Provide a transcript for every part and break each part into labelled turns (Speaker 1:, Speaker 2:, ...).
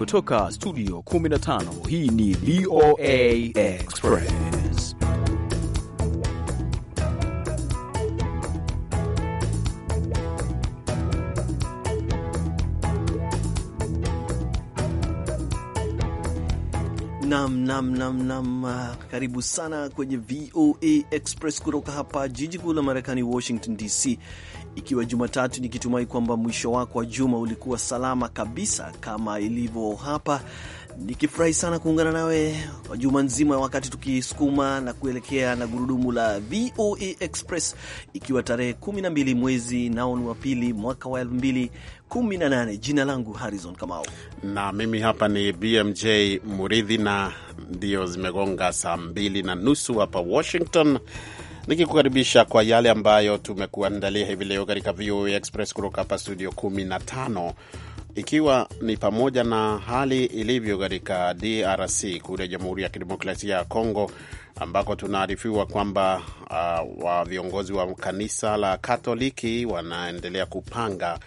Speaker 1: kutoka studio 15 hii ni VOA Express. Nam, nam, nam, nam. Uh, karibu sana kwenye VOA Express kutoka hapa jiji kuu la Marekani, Washington DC ikiwa Jumatatu, nikitumai kwamba mwisho wako wa juma ulikuwa salama kabisa kama ilivyo hapa. Nikifurahi sana kuungana nawe kwa juma nzima, wakati tukisukuma na kuelekea na gurudumu la VOA Express, ikiwa tarehe 12 mwezi nao ni wa pili mwaka wa 218 Jina langu Harrison Kamau
Speaker 2: na mimi hapa ni BMJ Muridhi, na ndio zimegonga saa mbili na nusu hapa Washington nikikukaribisha kwa yale ambayo tumekuandalia hivi leo katika VOA Express kutoka hapa studio 15 ikiwa ni pamoja na hali ilivyo katika DRC kule Jamhuri ya Kidemokrasia ya Kongo ambako tunaarifiwa kwamba uh, wa viongozi wa kanisa la Katoliki wanaendelea kupanga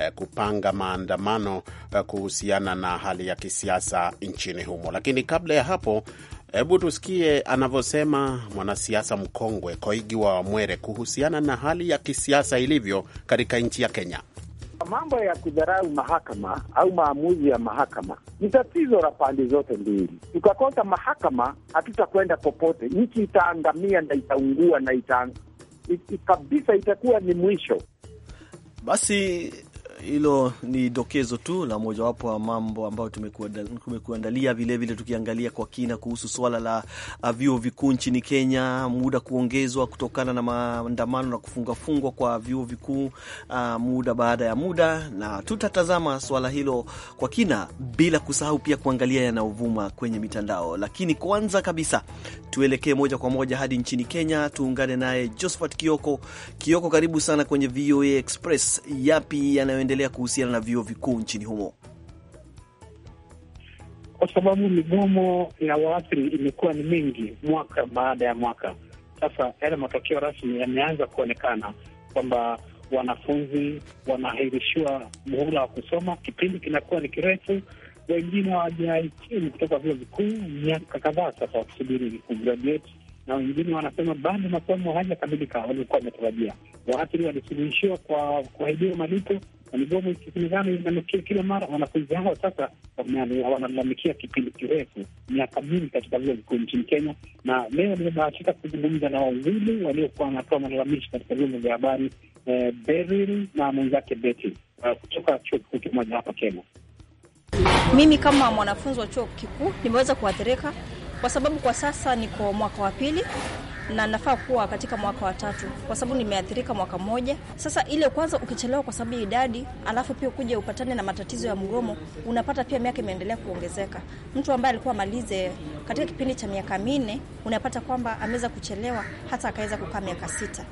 Speaker 2: eh, kupanga maandamano eh, kuhusiana na hali ya kisiasa nchini humo. Lakini kabla ya hapo Hebu tusikie anavyosema mwanasiasa mkongwe Koigi wa Wamwere kuhusiana na hali ya kisiasa ilivyo katika nchi ya Kenya.
Speaker 3: Mambo ya kudharau mahakama au maamuzi ya mahakama ni tatizo la pande zote mbili. Tukakosa mahakama, hatutakwenda popote, nchi itaangamia na itaungua na ita kabisa, itakuwa
Speaker 1: ni mwisho. Basi hilo ni dokezo tu la mojawapo wa mambo ambayo tumekuandalia. Vilevile tukiangalia kwa kina kuhusu swala la vyuo vikuu nchini Kenya, muda kuongezwa kutokana na maandamano na kufungafungwa kwa vyuo vikuu uh, muda baada ya muda, na tutatazama swala hilo kwa kina, bila kusahau pia kuangalia yanayovuma kwenye mitandao. Lakini kwanza kabisa tuelekee moja kwa moja hadi nchini Kenya, tuungane naye Josephat Kioko. Kioko, karibu sana kwenye VOA Express. Yapi yanayoendelea inaendelea kuhusiana na vyuo vikuu nchini humo?
Speaker 3: Kwa sababu migomo ya waathiri imekuwa ni mingi mwaka baada ya mwaka. Sasa yale matokeo rasmi yameanza kuonekana kwamba wanafunzi wanaahirishiwa muhula wa kusoma, kipindi kinakuwa ni kirefu. Wengine hawajahitimu kutoka vyuo vikuu miaka kadhaa sasa, wakisubiri kugraduate na wengine wanasema bado masomo hayakamilika waliokuwa wametarajia. Waathiri walisuluhishiwa kwa kuahidiwa malipo na migomo ikisemekana inatokea kila mara. Wanafunzi hao sasa wanalalamikia kipindi kirefu, miaka mingi, katika vyuo vikuu nchini Kenya, na leo nimebahatika kuzungumza na wawili waliokuwa wanatoa malalamishi katika vyombo vya habari, eh, Beryl na mwenzake Betty eh, kutoka chuo kikuu kimoja hapa Kenya.
Speaker 4: Mimi kama mwanafunzi wa chuo kikuu nimeweza kuathirika kwa sababu kwa sasa niko mwaka wa pili na nafaa kuwa katika mwaka wa tatu kwa sababu nimeathirika mwaka mmoja sasa. Ile kwanza ukichelewa kwa sababu ya idadi, alafu pia ukuja upatane na matatizo ya mgomo, unapata pia miaka imeendelea kuongezeka. Mtu ambaye alikuwa amalize katika kipindi cha miaka minne, unapata kwamba ameweza kuchelewa hata akaweza kukaa miaka sita.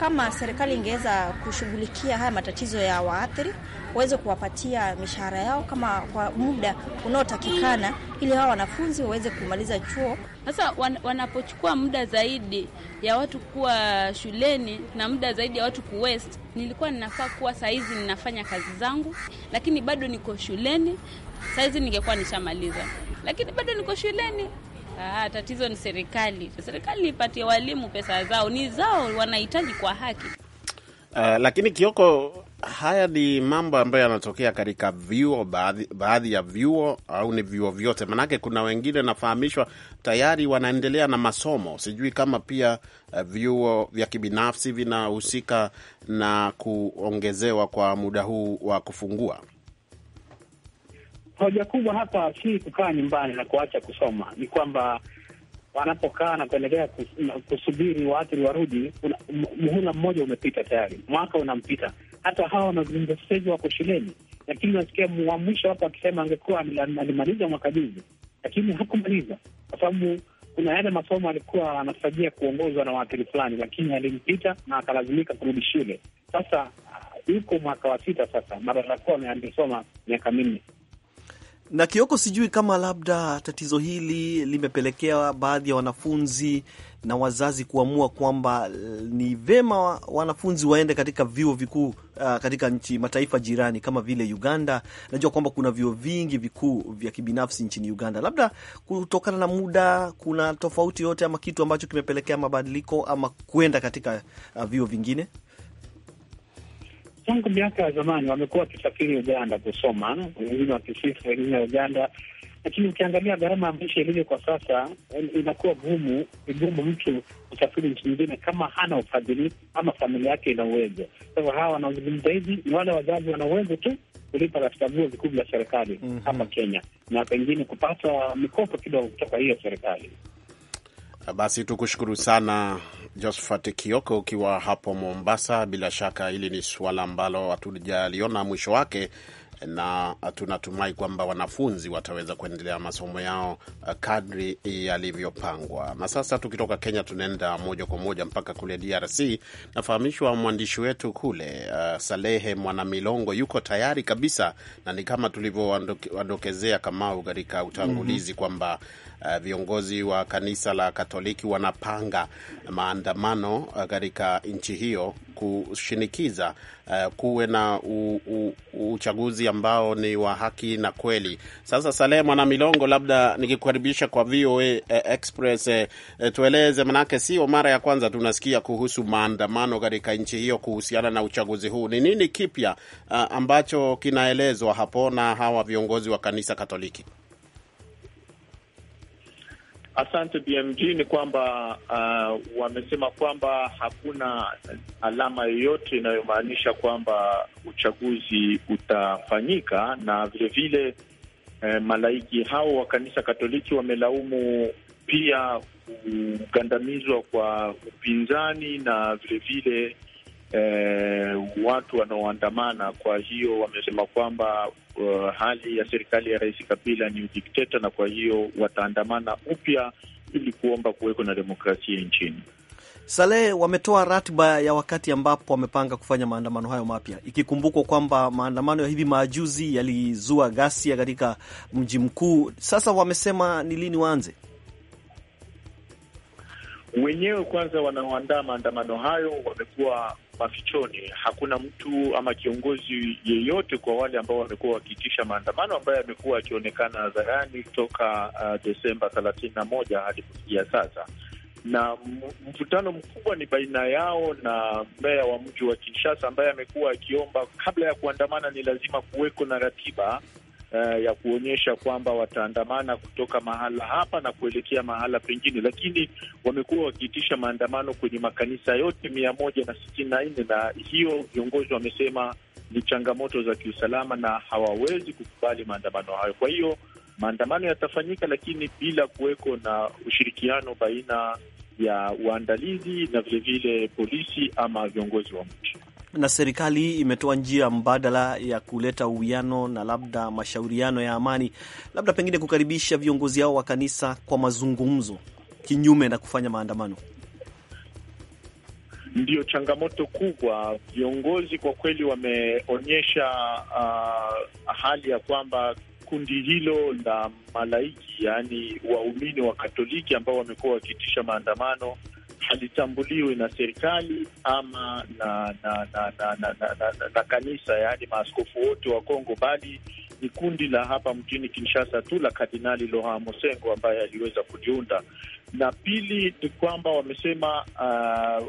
Speaker 4: Kama serikali ingeweza kushughulikia haya matatizo ya waathiri waweze kuwapatia mishahara yao kama kwa muda unaotakikana, ili hawa wanafunzi waweze kumaliza chuo. Sasa wan,
Speaker 5: wanapochukua muda zaidi ya watu kuwa shuleni na muda zaidi ya watu kuwest, nilikuwa ninafaa kuwa sahizi ninafanya kazi zangu, lakini bado niko shuleni. sahizi ningekuwa nishamaliza, lakini bado niko shuleni. Ah, tatizo ni serikali. Serikali ipatie walimu pesa zao, ni zao wanahitaji kwa haki.
Speaker 2: Uh, lakini Kioko, haya ni mambo ambayo yanatokea katika vyuo baadhi, baadhi ya vyuo au ni vyuo vyote? Maanake kuna wengine nafahamishwa tayari wanaendelea na masomo. Sijui kama pia uh, vyuo vya kibinafsi vinahusika na kuongezewa kwa muda huu wa kufungua.
Speaker 3: Hoja kubwa hapa si kukaa nyumbani na kuacha kusoma, ni kwamba wanapokaa na kuendelea kusubiri waathiri warudi, muhula mmoja umepita tayari, mwaka unampita. Hata hawa wanazungumza sasa hivi wako shuleni, lakini nasikia wa mwisho hapo akisema angekuwa alimaliza mwaka juzi, lakini hakumaliza kwa sababu kuna yale masomo alikuwa anatarajia kuongozwa na waathiri fulani, lakini alimpita na akalazimika kurudi shule. Sasa
Speaker 2: uh,
Speaker 3: yuko mwaka wa sita sasa, mara ya kuwa miaka minne
Speaker 1: na Kioko, sijui kama labda tatizo hili limepelekea baadhi ya wanafunzi na wazazi kuamua kwamba ni vema wanafunzi waende katika vyuo vikuu uh, katika nchi mataifa jirani kama vile Uganda. Najua kwamba kuna vyuo vingi vikuu vya kibinafsi nchini Uganda, labda kutokana na muda, kuna tofauti yote ama kitu ambacho kimepelekea mabadiliko ama kwenda katika uh, vyuo vingine tangu miaka ya zamani wamekuwa wakisafiri Uganda kusoma, wengine
Speaker 3: wakisifu, wengine Uganda. Lakini ukiangalia gharama ya maisha ilivyo kwa sasa, eh, inakuwa gumu, vigumu mtu kusafiri nchi nyingine kama hana ufadhili ama familia yake ina uwezo. Kwa hivyo hawa wanaozungumza hivi ni wale wazazi wana uwezo tu kulipa katika vyuo vikuu vya serikali mhm. hapa mm -hmm. Kenya na pengine kupata mikopo kidogo kutoka hiyo serikali.
Speaker 2: Basi tukushukuru sana Josphat Kioko ukiwa hapo Mombasa. Bila shaka hili ni suala ambalo hatujaliona mwisho wake, na tunatumai kwamba wanafunzi wataweza kuendelea masomo yao eh, kadri yalivyopangwa. Na sasa tukitoka Kenya, tunaenda moja kwa moja mpaka kule DRC. Nafahamishwa mwandishi wetu kule uh, Salehe Mwanamilongo yuko tayari kabisa, na ni kama tulivyowadokezea Kamau katika utangulizi mm -hmm. kwamba uh, viongozi wa kanisa la Katoliki wanapanga maandamano eh, katika nchi hiyo kushinikiza uh, kuwe na u, u, uchaguzi ambao ni wa haki na kweli. Sasa Saleh Mwana Milongo, labda nikikukaribisha kwa VOA Express, eh, tueleze, manake sio mara ya kwanza tunasikia kuhusu maandamano katika nchi hiyo kuhusiana na uchaguzi huu. Ni nini kipya uh, ambacho kinaelezwa hapo na hawa viongozi wa kanisa Katoliki?
Speaker 6: Asante BMG, ni kwamba uh, wamesema kwamba hakuna alama yoyote inayomaanisha kwamba uchaguzi utafanyika, na vilevile vile, eh, malaiki hao wa kanisa Katoliki wamelaumu pia kugandamizwa kwa upinzani na vilevile vile, eh, watu wanaoandamana. Kwa hiyo wamesema kwamba uh, hali ya serikali ya Rais Kabila ni udikteta, na kwa hiyo wataandamana upya ili kuomba kuweko na demokrasia nchini.
Speaker 1: Saleh, wametoa ratiba ya wakati ambapo wamepanga kufanya maandamano hayo mapya, ikikumbukwa kwamba maandamano ya hivi majuzi yalizua ghasia katika mji mkuu. Sasa wamesema ni lini waanze
Speaker 6: wenyewe. Kwanza wanaoandaa maandamano hayo wamekuwa mafichoni. Hakuna mtu ama kiongozi yeyote kwa wale ambao wamekuwa wakiitisha maandamano ambayo yamekuwa akionekana hadharani toka uh, Desemba thelathini na moja hadi kufikia sasa na mvutano mkubwa ni baina yao na meya wa mji wa Kinshasa ambaye amekuwa akiomba kabla ya kuandamana, ni lazima kuweko na ratiba Eh, ya kuonyesha kwamba wataandamana kutoka mahala hapa na kuelekea mahala pengine, lakini wamekuwa wakiitisha maandamano kwenye makanisa yote mia moja na sitini na nne na hiyo viongozi wamesema ni changamoto za kiusalama na hawawezi kukubali maandamano hayo. Kwa hiyo maandamano yatafanyika, lakini bila kuweko na ushirikiano baina ya waandalizi na vilevile polisi ama viongozi wa mji
Speaker 1: na serikali imetoa njia mbadala ya kuleta uwiano na labda mashauriano ya amani, labda pengine kukaribisha viongozi hao wa kanisa kwa mazungumzo, kinyume na kufanya maandamano.
Speaker 6: Ndiyo changamoto kubwa. Viongozi kwa kweli wameonyesha uh, hali ya kwamba kundi hilo la malaiki, yaani waumini wa Katoliki ambao wamekuwa wakiitisha maandamano halitambuliwi na serikali ama na na na, na, na, na, na, na, na kanisa, yaani maaskofu wote wa Kongo, bali ni kundi la hapa mjini Kinshasa tu la Kardinali Laurent Mosengo ambaye aliweza kujiunda. Na pili ni kwamba wamesema uh,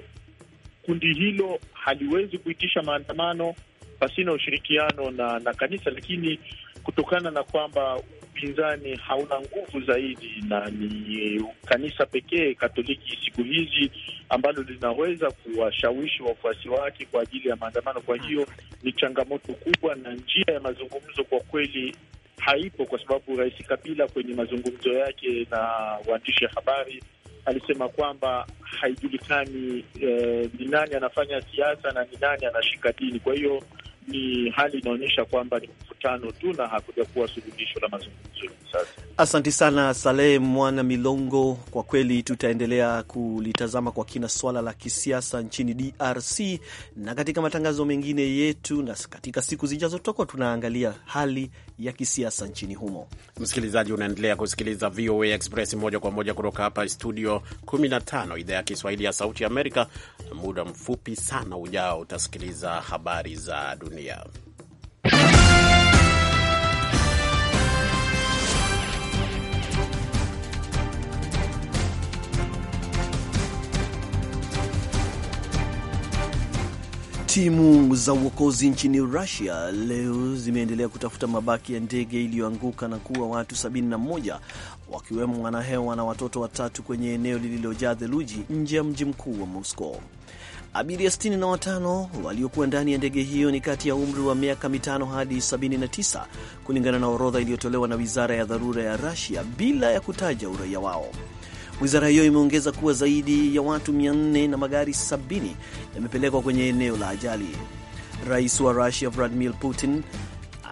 Speaker 6: kundi hilo haliwezi kuitisha maandamano pasina ushirikiano na, na kanisa, lakini kutokana na kwamba upinzani hauna nguvu zaidi, na ni kanisa pekee Katoliki siku hizi ambalo linaweza kuwashawishi wafuasi wake kwa ajili ya maandamano. Kwa hiyo ni changamoto kubwa, na njia ya mazungumzo kwa kweli haipo, kwa sababu Rais Kabila kwenye mazungumzo yake na waandishi habari alisema kwamba haijulikani eh, ni nani anafanya siasa na ni nani anashika dini. Kwa hiyo ni hali inaonyesha kwamba ni mvutano tu na hakuja kuwa suluhisho la mazungumzo.
Speaker 1: Asanti Asante sana Saleh Mwana Milongo, kwa kweli tutaendelea kulitazama kwa kina swala la kisiasa nchini DRC na katika matangazo mengine yetu, na katika siku zijazo tutakuwa tunaangalia hali ya kisiasa nchini humo.
Speaker 2: Msikilizaji, unaendelea kusikiliza VOA Express moja kwa moja kutoka hapa studio 15 idhaa ya Kiswahili ya Sauti ya Amerika. Muda mfupi sana ujao utasikiliza habari za dunia.
Speaker 1: Timu za uokozi nchini Russia leo zimeendelea kutafuta mabaki ya ndege iliyoanguka na kuua watu 71 wakiwemo wanahewa na watoto watatu kwenye eneo lililojaa theluji nje ya mji mkuu wa Moscow. Abiria 65 waliokuwa ndani ya ndege hiyo ni kati ya umri wa miaka mitano hadi 79 kulingana na orodha iliyotolewa na wizara ya dharura ya Russia bila ya kutaja uraia wao. Wizara hiyo imeongeza kuwa zaidi ya watu 400 na magari 70 yamepelekwa kwenye eneo la ajali. Rais wa Russia Vladimir Putin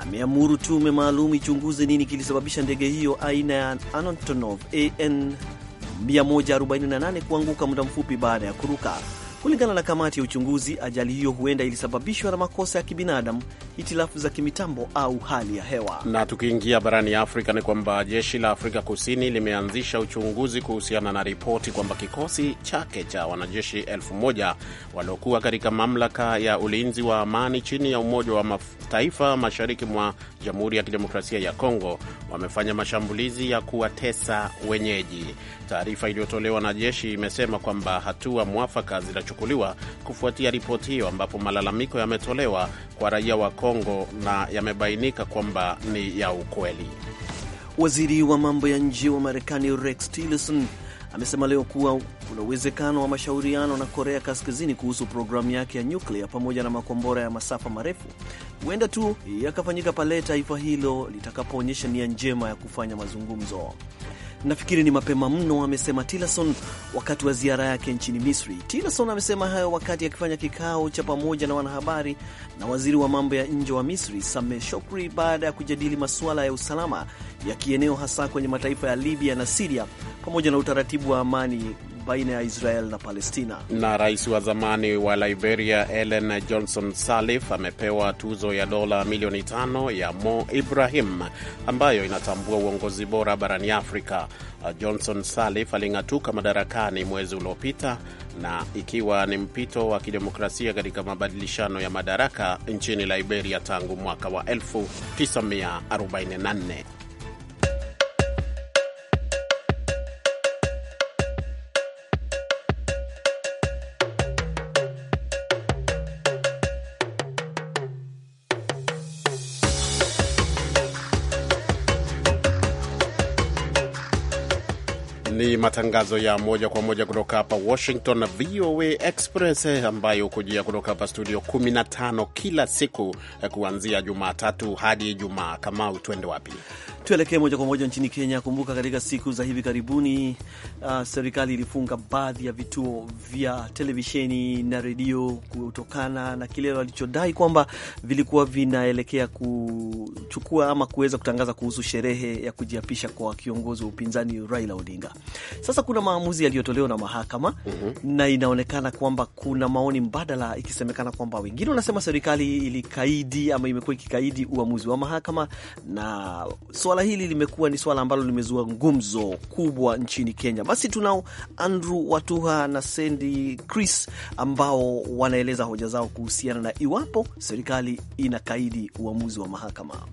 Speaker 1: ameamuru tume maalum ichunguze nini kilisababisha ndege hiyo aina ya Antonov AN 148 kuanguka muda mfupi baada ya kuruka. Kulingana na kamati ya uchunguzi, ajali hiyo huenda ilisababishwa na makosa ya kibinadamu, hitilafu za kimitambo au hali ya hewa.
Speaker 2: Na tukiingia barani Afrika, ni kwamba jeshi la Afrika Kusini limeanzisha uchunguzi kuhusiana na ripoti kwamba kikosi chake cha wanajeshi elfu moja waliokuwa katika mamlaka ya ulinzi wa amani chini ya Umoja wa Mataifa mashariki mwa Jamhuri ya Kidemokrasia ya Kongo wamefanya mashambulizi ya kuwatesa wenyeji. Taarifa iliyotolewa na jeshi imesema kwamba hatua mwafaka zinachukuliwa kuchukuliwa kufuatia ripoti hiyo, ambapo malalamiko yametolewa kwa raia wa Kongo na yamebainika kwamba ni ya ukweli.
Speaker 1: Waziri wa mambo ya nje wa Marekani Rex Tillerson amesema leo kuwa kuna uwezekano wa mashauriano na Korea Kaskazini kuhusu programu yake ya nyuklia pamoja na makombora ya masafa marefu huenda tu yakafanyika pale taifa hilo litakapoonyesha nia njema ya kufanya mazungumzo. Nafikiri ni mapema mno, amesema Tillerson wakati wa ziara yake nchini Misri. Tillerson amesema hayo wakati akifanya kikao cha pamoja na wanahabari na waziri wa mambo ya nje wa Misri Sameh Shokri baada ya kujadili masuala ya usalama ya kieneo, hasa kwenye mataifa ya Libya na Siria pamoja na utaratibu wa amani baina ya Israel na Palestina.
Speaker 2: Na rais wa zamani wa Liberia Ellen Johnson Sirleaf amepewa tuzo ya dola milioni tano ya Mo Ibrahim ambayo inatambua uongozi bora barani Afrika. Uh, Johnson Sirleaf aling'atuka madarakani mwezi uliopita na ikiwa ni mpito wa kidemokrasia katika mabadilishano ya madaraka nchini Liberia tangu mwaka wa 1944. matangazo ya moja kwa moja kutoka hapa Washington na VOA Express eh, ambayo hukujia kutoka hapa studio 15 kila siku eh, kuanzia Jumatatu hadi Ijumaa. Kama utwende wapi?
Speaker 1: Tuelekee moja kwa moja nchini Kenya. Kumbuka katika siku za hivi karibuni, uh, serikali ilifunga baadhi ya vituo vya televisheni na redio kutokana na kile walichodai kwamba vilikuwa vinaelekea kuchukua ama kuweza kutangaza kuhusu sherehe ya kujiapisha kwa kiongozi wa upinzani Raila Odinga. Sasa kuna maamuzi yaliyotolewa na mahakama mm -hmm. na inaonekana kwamba kuna maoni mbadala, ikisemekana kwamba wengine wanasema serikali ilikaidi ama imekuwa ikikaidi uamuzi wa mahakama na so swala hili limekuwa ni swala ambalo limezua ngumzo kubwa nchini Kenya. Basi tunao Andrew Watuha na Sandy Chris ambao wanaeleza hoja zao kuhusiana na iwapo serikali inakaidi uamuzi wa mahakama. Ha,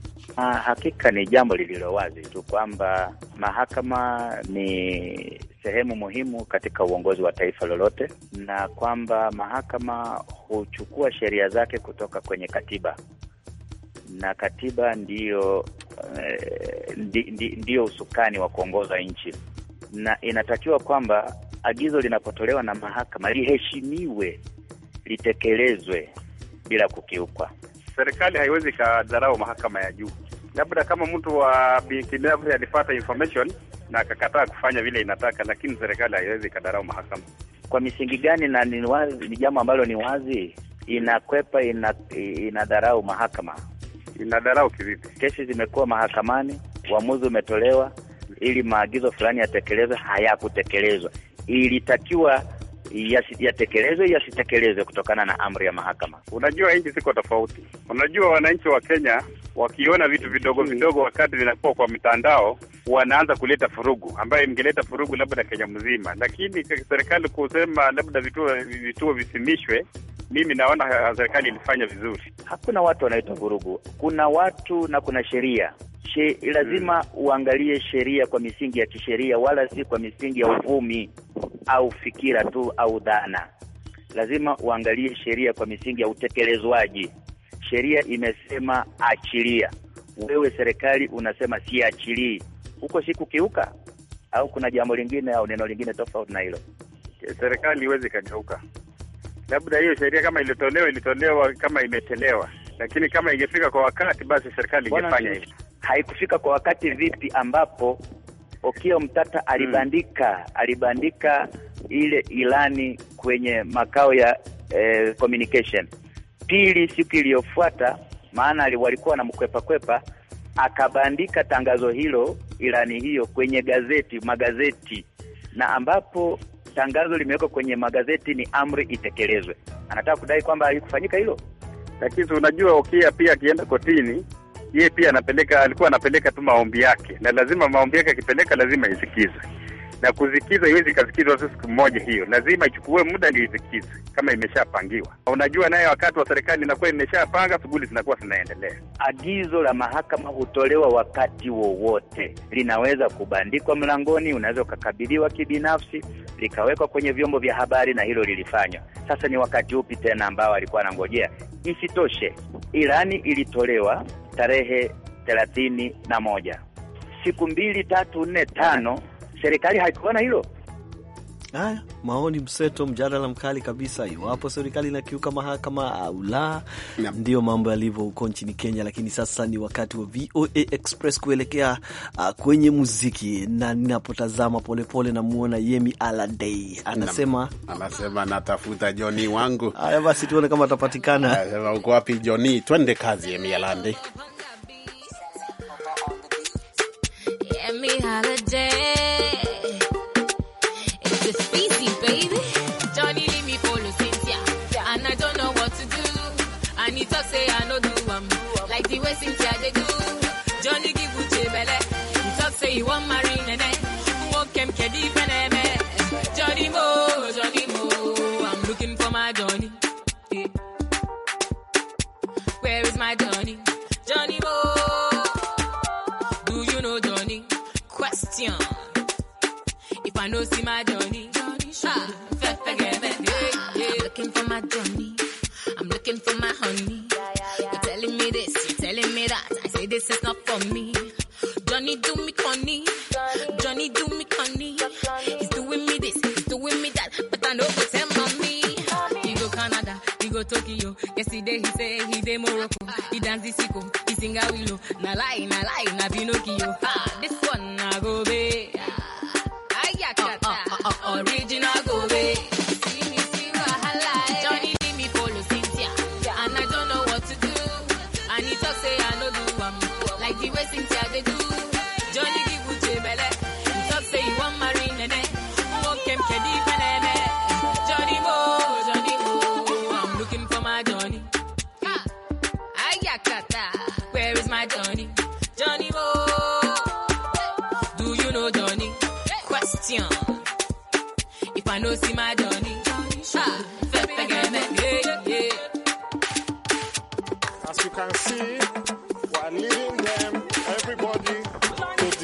Speaker 7: ah, hakika ni jambo lililo wazi tu kwamba mahakama ni sehemu muhimu katika uongozi wa taifa lolote, na kwamba mahakama huchukua sheria zake kutoka kwenye katiba na katiba ndiyo Eh, ndio usukani wa kuongoza nchi, na inatakiwa kwamba agizo linapotolewa na mahakama liheshimiwe, litekelezwe bila kukiukwa.
Speaker 3: Serikali haiwezi ikadharau mahakama ya juu, labda kama mtu wa binafsi alipata information na akakataa kufanya vile inataka, lakini serikali haiwezi ikadharau mahakama.
Speaker 7: Kwa misingi gani? Na ni jambo ambalo ni wazi inakwepa, inadharau mahakama inadharau kivipi? Kesi zimekuwa mahakamani, uamuzi umetolewa ili maagizo fulani yatekelezwe, hayakutekelezwa. Ilitakiwa yatekelezwe yasitekelezwe kutokana na amri ya mahakama. Unajua
Speaker 3: nchi ziko tofauti. Unajua wananchi wa Kenya wakiona vitu vidogo hmm. vidogo wakati vinakuwa kwa mitandao wanaanza kuleta furugu ambayo ingeleta furugu labda Kenya mzima, lakini serikali kusema labda vituo vituo visimishwe mimi naona serikali
Speaker 7: ilifanya vizuri. Hakuna watu wanaita vurugu, kuna watu na kuna sheria she, lazima hmm, uangalie sheria kwa misingi ya kisheria, wala si kwa misingi ya uvumi au fikira tu au dhana. Lazima uangalie sheria kwa misingi ya utekelezwaji. Sheria imesema achilia, wewe serikali unasema siachilii. Huko si kukiuka au kuna jambo lingine au neno lingine tofauti na hilo?
Speaker 3: Serikali iwezi ikageuka. Labda hiyo sheria kama ilitolewa ilitolewa kama imetelewa, lakini kama ingefika kwa wakati, basi serikali ingefanya hivyo. Haikufika kwa
Speaker 7: wakati vipi ambapo Okio Mtata alibandika alibandika ile ilani kwenye makao ya eh, communication. Pili, siku iliyofuata, maana walikuwa na mkwepa kwepa, akabandika tangazo hilo, ilani hiyo kwenye gazeti, magazeti, na ambapo tangazo limewekwa kwenye magazeti ni amri itekelezwe. Anataka kudai kwamba halikufanyika hilo,
Speaker 3: lakini unajua okia pia akienda kotini yeye pia anapeleka, alikuwa anapeleka tu maombi yake, na lazima maombi yake akipeleka lazima isikizwe, na kuzikiza iwezi ikasikizwa tu siku moja hiyo, lazima ichukue muda ndio isikizwe kama imeshapangiwa. Unajua, naye wakati wa serikali inakuwa imeshapanga shughuli zinakuwa zinaendelea. Agizo la mahakama hutolewa
Speaker 7: wakati wowote, linaweza kubandikwa mlangoni, unaweza ukakabiliwa kibinafsi, likawekwa kwenye vyombo vya habari, na hilo lilifanywa. Sasa ni wakati upi tena ambao alikuwa anangojea? Isitoshe, ilani ilitolewa tarehe thelathini na moja. Siku mbili tatu nne tano, serikali haikuona hilo
Speaker 1: Haya, maoni mseto, mjadala mkali kabisa, iwapo serikali inakiuka mahakama au la. Ndiyo mambo yalivyo huko nchini Kenya, lakini sasa ni wakati wa VOA Express kuelekea uh, kwenye muziki, na ninapotazama polepole namwona Yemi Aladei anasema
Speaker 2: na, anasema natafuta Joni wangu. Haya basi, tuone kama atapatikana. Anasema uko wapi Joni? Twende kazi, Yemi Aladei.
Speaker 5: Since I go Tokyo. Yesterday he say he dey Morocco. He dance the sicko, he sing a willow. Na lie, na lie, na Pinocchio. Ha! Ah.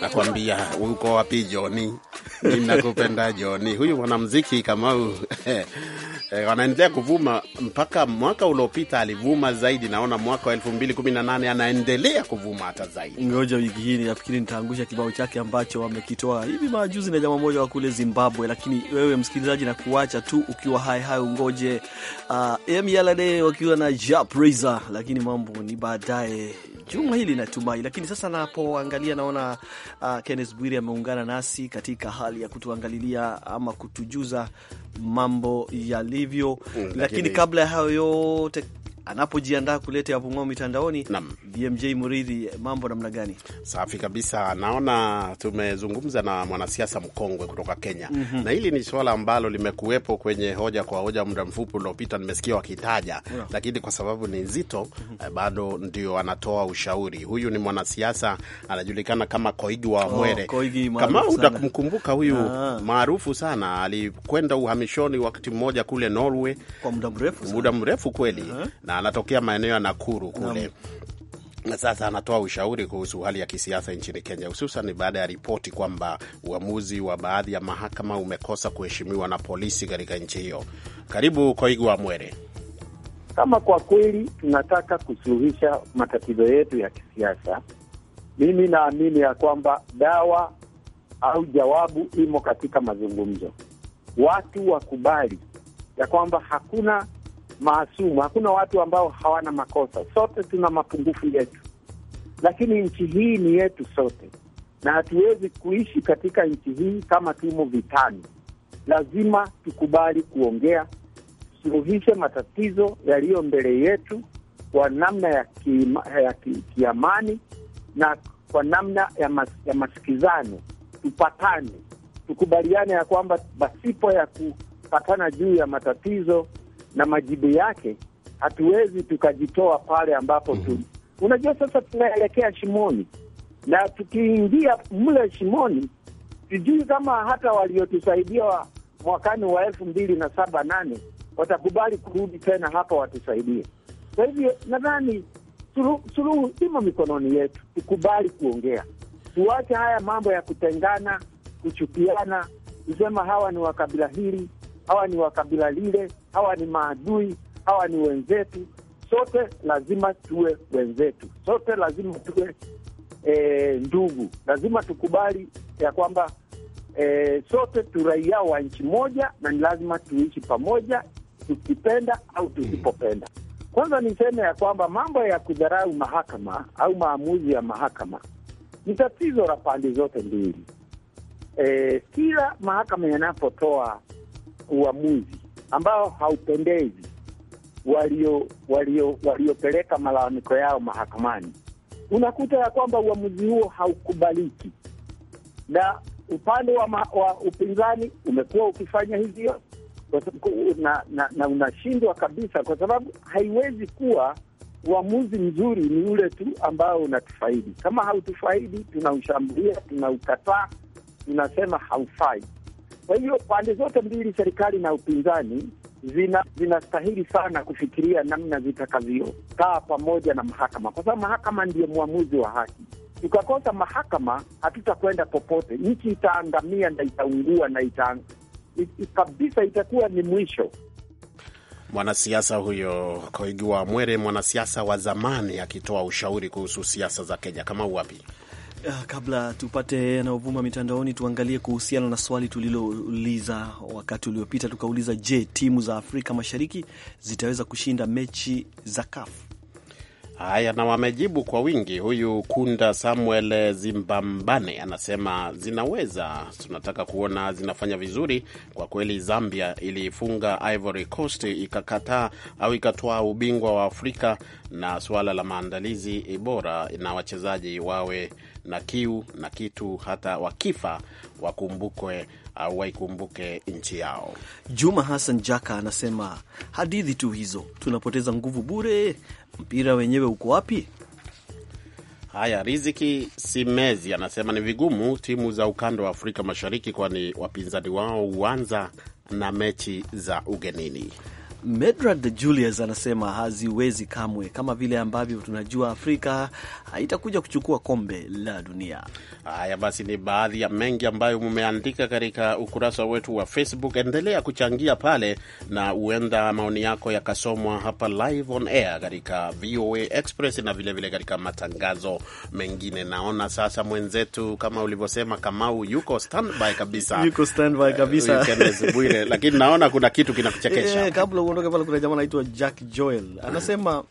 Speaker 2: Nakwambia uko wapi Joni?
Speaker 1: Ninakupenda
Speaker 2: Joni. Huyu mwanamuziki Kamau anaendelea eh, wanaendelea kuvuma mpaka mwaka uliopita alivuma zaidi.
Speaker 1: Naona mwaka wa elfu mbili kumi na nane anaendelea kuvuma hata zaidi. Ngoja wiki hii nafikiri nitaangusha kibao chake ambacho wamekitoa hivi majuzi na jamaa mmoja wa kule Zimbabwe. Lakini wewe msikilizaji, na kuacha tu ukiwa hai hai, ungoje uh, ah, Alade wakiwa na Japreza, lakini mambo ni baadaye juma hili natumai. Lakini sasa napoangalia naona uh, Kenneth Bwiri ameungana nasi katika hali ya kutuangalilia ama kutujuza mambo yalivyo, mm, lakini kabla ya hayo yote anapojiandaa kuleta yavung'ao mitandaoni. BMJ Muridhi, mambo namna gani? Safi kabisa.
Speaker 2: Naona tumezungumza na mwanasiasa mkongwe kutoka Kenya mm -hmm. na hili ni swala ambalo limekuwepo kwenye hoja kwa hoja muda mfupi uliopita, nimesikia wakitaja yeah. lakini kwa sababu ni nzito mm -hmm. bado ndio anatoa ushauri. Huyu ni mwanasiasa anajulikana kama Koigi wa Wamwere oh, kama utakumkumbuka huyu ah. maarufu sana, alikwenda uhamishoni wakati mmoja kule Norway kwa muda mrefu, muda mrefu kweli uh -huh anatokea maeneo ya Nakuru kule na Sasa anatoa ushauri kuhusu hali ya kisiasa nchini Kenya, hususan baada ya ripoti kwamba uamuzi wa baadhi ya mahakama umekosa kuheshimiwa na polisi katika nchi hiyo. Karibu Koigwa Mwere.
Speaker 3: Kama kwa kweli tunataka kusuluhisha matatizo yetu ya kisiasa, mimi naamini ya kwamba dawa au jawabu imo katika mazungumzo. Watu wakubali ya kwamba hakuna maasumu, hakuna watu ambao hawana makosa. Sote tuna mapungufu yetu, lakini nchi hii ni yetu sote, na hatuwezi kuishi katika nchi hii kama tumo vitani. Lazima tukubali kuongea, tusuluhishe matatizo yaliyo mbele yetu kwa namna ya kiamani ki, kiamani na kwa namna ya, mas, ya masikizano. Tupatane, tukubaliane ya kwamba pasipo ya kupatana juu ya matatizo na majibu yake, hatuwezi tukajitoa pale ambapo mm -hmm. tu mhm. unajua, sasa tunaelekea shimoni, na tukiingia mle shimoni, sijui kama hata waliotusaidia mwakani wa elfu mbili na saba nane watakubali kurudi tena hapa watusaidie. Kwa hivyo nadhani suluhu imo mikononi yetu, tukubali kuongea, tuache haya mambo ya kutengana, kuchukiana, kusema hawa ni wa kabila hili, hawa ni wa kabila lile hawa ni maadui, hawa ni wenzetu, sote lazima tuwe wenzetu, sote lazima tuwe e, ndugu. Lazima tukubali ya kwamba e, sote tu raia wa nchi moja na ni lazima tuishi pamoja, tukipenda au tusipopenda. Kwanza niseme ya kwamba mambo ya kudharau mahakama au maamuzi ya mahakama ni tatizo la pande zote mbili. E, kila mahakama yanapotoa uamuzi ambao haupendezi waliopeleka walio, waliopeleka malalamiko yao mahakamani, unakuta ya kwamba uamuzi huo haukubaliki na upande wa, ma, wa upinzani umekuwa ukifanya hivyo na, na, na unashindwa kabisa, kwa sababu haiwezi kuwa uamuzi mzuri ni ule tu ambao unatufaidi. Kama hautufaidi, tunaushambulia, tunaukataa, tunasema haufai. Kwa hiyo pande zote mbili, serikali na upinzani, zinastahili zina sana kufikiria namna zitakavyokaa pamoja na mahakama, kwa sababu mahakama ndiyo mwamuzi wa haki. Tukakosa mahakama, hatutakwenda popote. Nchi itaangamia na itaungua na ita kabisa, itakuwa
Speaker 1: ni mwisho.
Speaker 2: Mwanasiasa huyo Koigi wa Mwere, mwanasiasa wa zamani, akitoa ushauri kuhusu siasa za Kenya. Kama uwapi
Speaker 1: Ah, kabla tupate yanayovuma mitandaoni, tuangalie kuhusiana na swali tulilouliza wakati uliopita. Tukauliza, je, timu za Afrika Mashariki zitaweza kushinda mechi za kafu
Speaker 2: Haya, na wamejibu kwa wingi. Huyu Kunda Samuel Zimbambane anasema zinaweza, tunataka kuona zinafanya vizuri kwa kweli. Zambia iliifunga Ivory Coast ikakataa au ikatoa ubingwa wa Afrika, na suala la maandalizi bora na wachezaji wawe na kiu na kitu,
Speaker 1: hata wakifa wakumbukwe au waikumbuke nchi yao. Juma Hassan Jaka anasema hadithi tu hizo, tunapoteza nguvu bure. Mpira wenyewe uko wapi?
Speaker 2: Haya, Riziki Simezi anasema ni vigumu timu za ukanda wa Afrika Mashariki, kwani wapinzani wao huanza na mechi
Speaker 1: za ugenini. Medrad Julius anasema haziwezi kamwe, kama vile ambavyo tunajua Afrika haitakuja kuchukua kombe la dunia. Haya basi,
Speaker 2: ni baadhi ya mengi ambayo mumeandika katika ukurasa wetu wa Facebook. Endelea kuchangia pale, na huenda maoni yako yakasomwa hapa live on air katika VOA Express na vilevile katika matangazo mengine. Naona sasa mwenzetu, kama ulivyosema, Kamau yuko standby kabisa, yuko standby
Speaker 1: kabisa, lakini
Speaker 2: naona kuna kitu kinakuchekesha
Speaker 1: eh, kutoka pale, kuna jamaa anaitwa Jack Joel anasema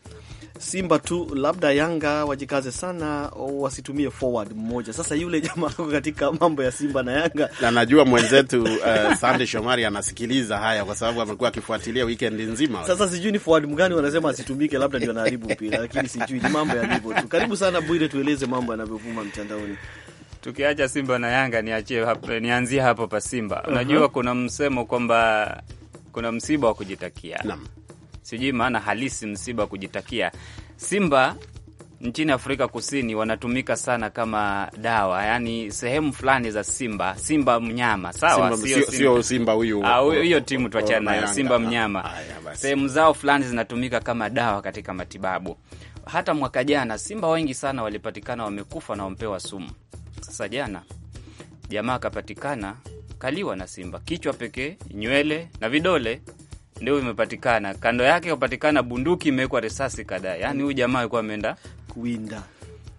Speaker 1: Simba tu labda Yanga wajikaze sana, wasitumie forward mmoja. Sasa yule jamaa ako katika mambo ya Simba na Yanga,
Speaker 2: na najua mwenzetu uh, Sande Shomari anasikiliza haya kwa sababu amekuwa akifuatilia weekend nzima. Sasa
Speaker 1: sijui ni forward mgani wanasema asitumike, labda ndio anaharibu mpira, lakini sijui ni mambo yalivyo tu. Karibu sana Bwire, tueleze mambo yanavyovuma mtandaoni. Tukiacha
Speaker 4: Simba na Yanga, niachie hapo, nianzie hapo pa Simba. Unajua uh -huh. kuna msemo kwamba kuna msiba wa kujitakia Naam. Sijui maana halisi msiba wa kujitakia. Simba nchini Afrika Kusini wanatumika sana kama dawa, yaani sehemu fulani za Simba, Simba mnyama sawa, sio Simba huyu hiyo ah, timu tuachana nayo, Simba mnyama, ah, sehemu zao fulani zinatumika kama dawa katika matibabu. Hata mwaka jana simba wengi sana walipatikana wamekufa na wampewa sumu. Sasa jana jamaa akapatikana kaliwa na simba. Kichwa pekee, nywele na vidole ndio imepatikana. Kando yake kapatikana bunduki imewekwa risasi kadhaa. Yaani huyu jamaa
Speaker 1: alikuwa ameenda kuwinda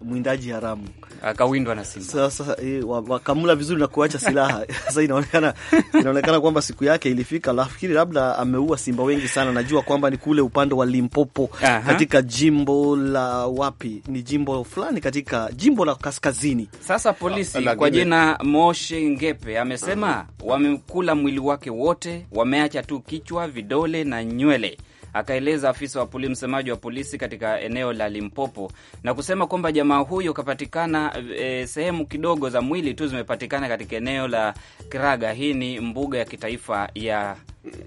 Speaker 1: mwindaji haramu akawindwa na simba. Sasa e, eh, wakamla vizuri na kuacha silaha sasa inaonekana inaonekana kwamba siku yake ilifika. lafikiri labda ameua simba wengi sana. Najua kwamba ni kule upande wa Limpopo Aha. katika jimbo la wapi, ni jimbo fulani katika jimbo la kaskazini. Sasa polisi la, kwa jina
Speaker 4: Moshe Ngepe amesema wamekula mwili wake wote, wameacha tu kichwa, vidole na nywele akaeleza afisa wa polisi, msemaji wa polisi katika eneo la Limpopo, na kusema kwamba jamaa huyo kapatikana e, sehemu kidogo za mwili tu zimepatikana katika eneo la Kraga. Hii ni mbuga ya kitaifa ya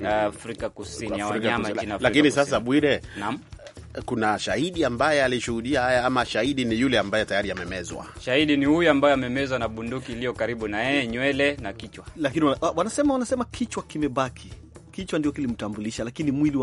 Speaker 4: e, Afrika Kusini ya wanyama nchini Afrika. Lakini sasa
Speaker 2: Bwire, naam kuna shahidi ambaye alishuhudia haya ama shahidi ni yule ambaye tayari amemezwa?
Speaker 4: Shahidi ni huyu ambaye amemezwa na bunduki iliyo karibu na yeye, nywele na kichwa.
Speaker 1: Lakini wanasema wanasema kichwa kimebaki kichwa ndio kilimtambulisha, lakini mwili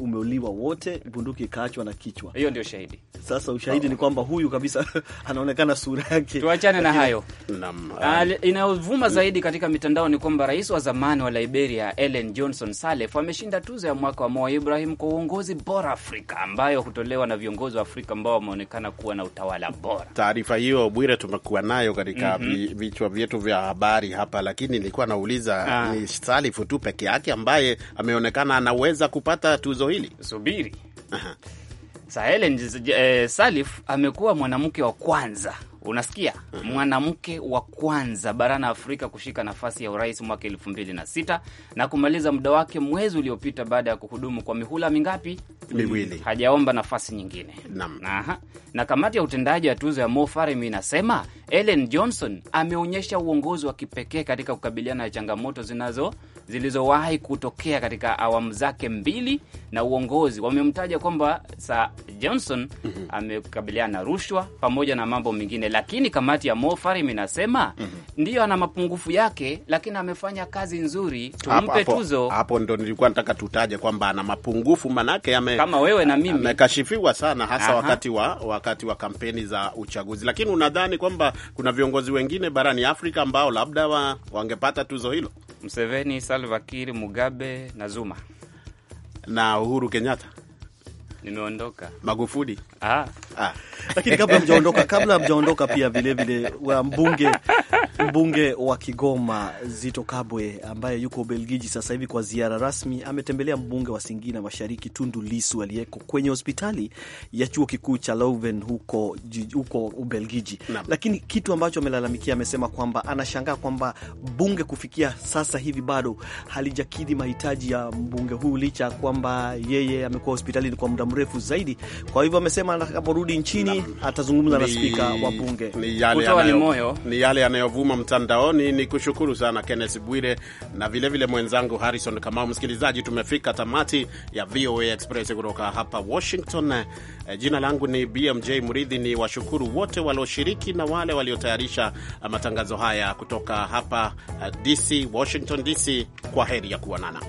Speaker 1: umeuliwa wote, bunduki ikaachwa na kichwa. Hiyo ndio shahidi. Sasa ushahidi oh, ni kwamba huyu kabisa anaonekana sura yake. Tuachane na hayo.
Speaker 2: Ah,
Speaker 4: ah. Inayovuma zaidi katika mitandao ni kwamba rais wa zamani wa Liberia Ellen Johnson Sirleaf ameshinda tuzo ya mwaka wa Mo Ibrahim kwa uongozi bora Afrika, ambayo hutolewa na viongozi wa Afrika ambao wameonekana kuwa na utawala bora.
Speaker 2: Taarifa hiyo Bwire, tumekuwa nayo katika mm -hmm. vichwa vyetu vya habari hapa, lakini nilikuwa nauliza ah. ni Sirleaf tu peke yake ambaye ameonekana anaweza kupata tuzo hili. Subiri. sahel
Speaker 4: eh, Salif amekuwa mwanamke wa kwanza Unasikia, mwanamke wa kwanza barani Afrika kushika nafasi ya urais mwaka elfu mbili na sita na kumaliza muda wake mwezi uliopita baada ya kuhudumu kwa mihula mingapi? Miwili. Hajaomba nafasi nyingine. Naam. Aha. Na kamati ya utendaji ya tuzo ya Mo inasema Ellen Johnson ameonyesha uongozi wa kipekee katika kukabiliana na changamoto zinazo zilizowahi kutokea katika awamu zake mbili na uongozi. Wamemtaja kwamba Sir Johnson mhm. amekabiliana na rushwa pamoja na mambo mengine lakini kamati ya Mo Farim inasema mm -hmm. Ndiyo, ana mapungufu yake, lakini amefanya kazi nzuri, tumpe tuzo.
Speaker 2: Hapo ndo nilikuwa nataka tutaje kwamba ana mapungufu manake ame, kama wewe na mimi amekashifiwa sana hasa Aha. wakati wa wakati wa kampeni za uchaguzi. Lakini unadhani kwamba kuna viongozi wengine barani Afrika ambao labda wa, wangepata tuzo hilo? Mseveni, Salva Kiir, Mugabe na Zuma na Uhuru Kenyatta Nimeondoka Magufuli. Ah. Ah. Lakini kabla mjaondoka, kabla mjaondoka pia vilevile wa mbunge
Speaker 1: mbunge wa Kigoma Zito Kabwe ambaye yuko Ubelgiji sasa hivi kwa ziara rasmi, ametembelea mbunge wa singina Mashariki Tundu Lisu aliyeko kwenye hospitali ya chuo kikuu cha Leuven huko, huko Ubelgiji na. Lakini kitu ambacho amelalamikia, amesema kwamba anashangaa kwamba bunge kufikia sasa hivi bado halijakidhi mahitaji ya mbunge huu licha ya kwamba yeye amekuwa hospitalini kwa muda mrefu zaidi. Kwa hivyo amesema atakaporudi nchini atazungumza na spika wa bunge.
Speaker 2: Ni yale ni yale yanayovuma mtandaoni. Ni kushukuru sana Kenneth Bwire na vilevile vile mwenzangu Harrison Kamau. Msikilizaji, tumefika tamati ya VOA Express kutoka hapa Washington. E, Jina langu ni BMJ Muridhi. Ni washukuru wote walioshiriki na wale waliotayarisha eh, matangazo haya kutoka hapa eh, DC, Washington DC. Kwa heri ya kuonana.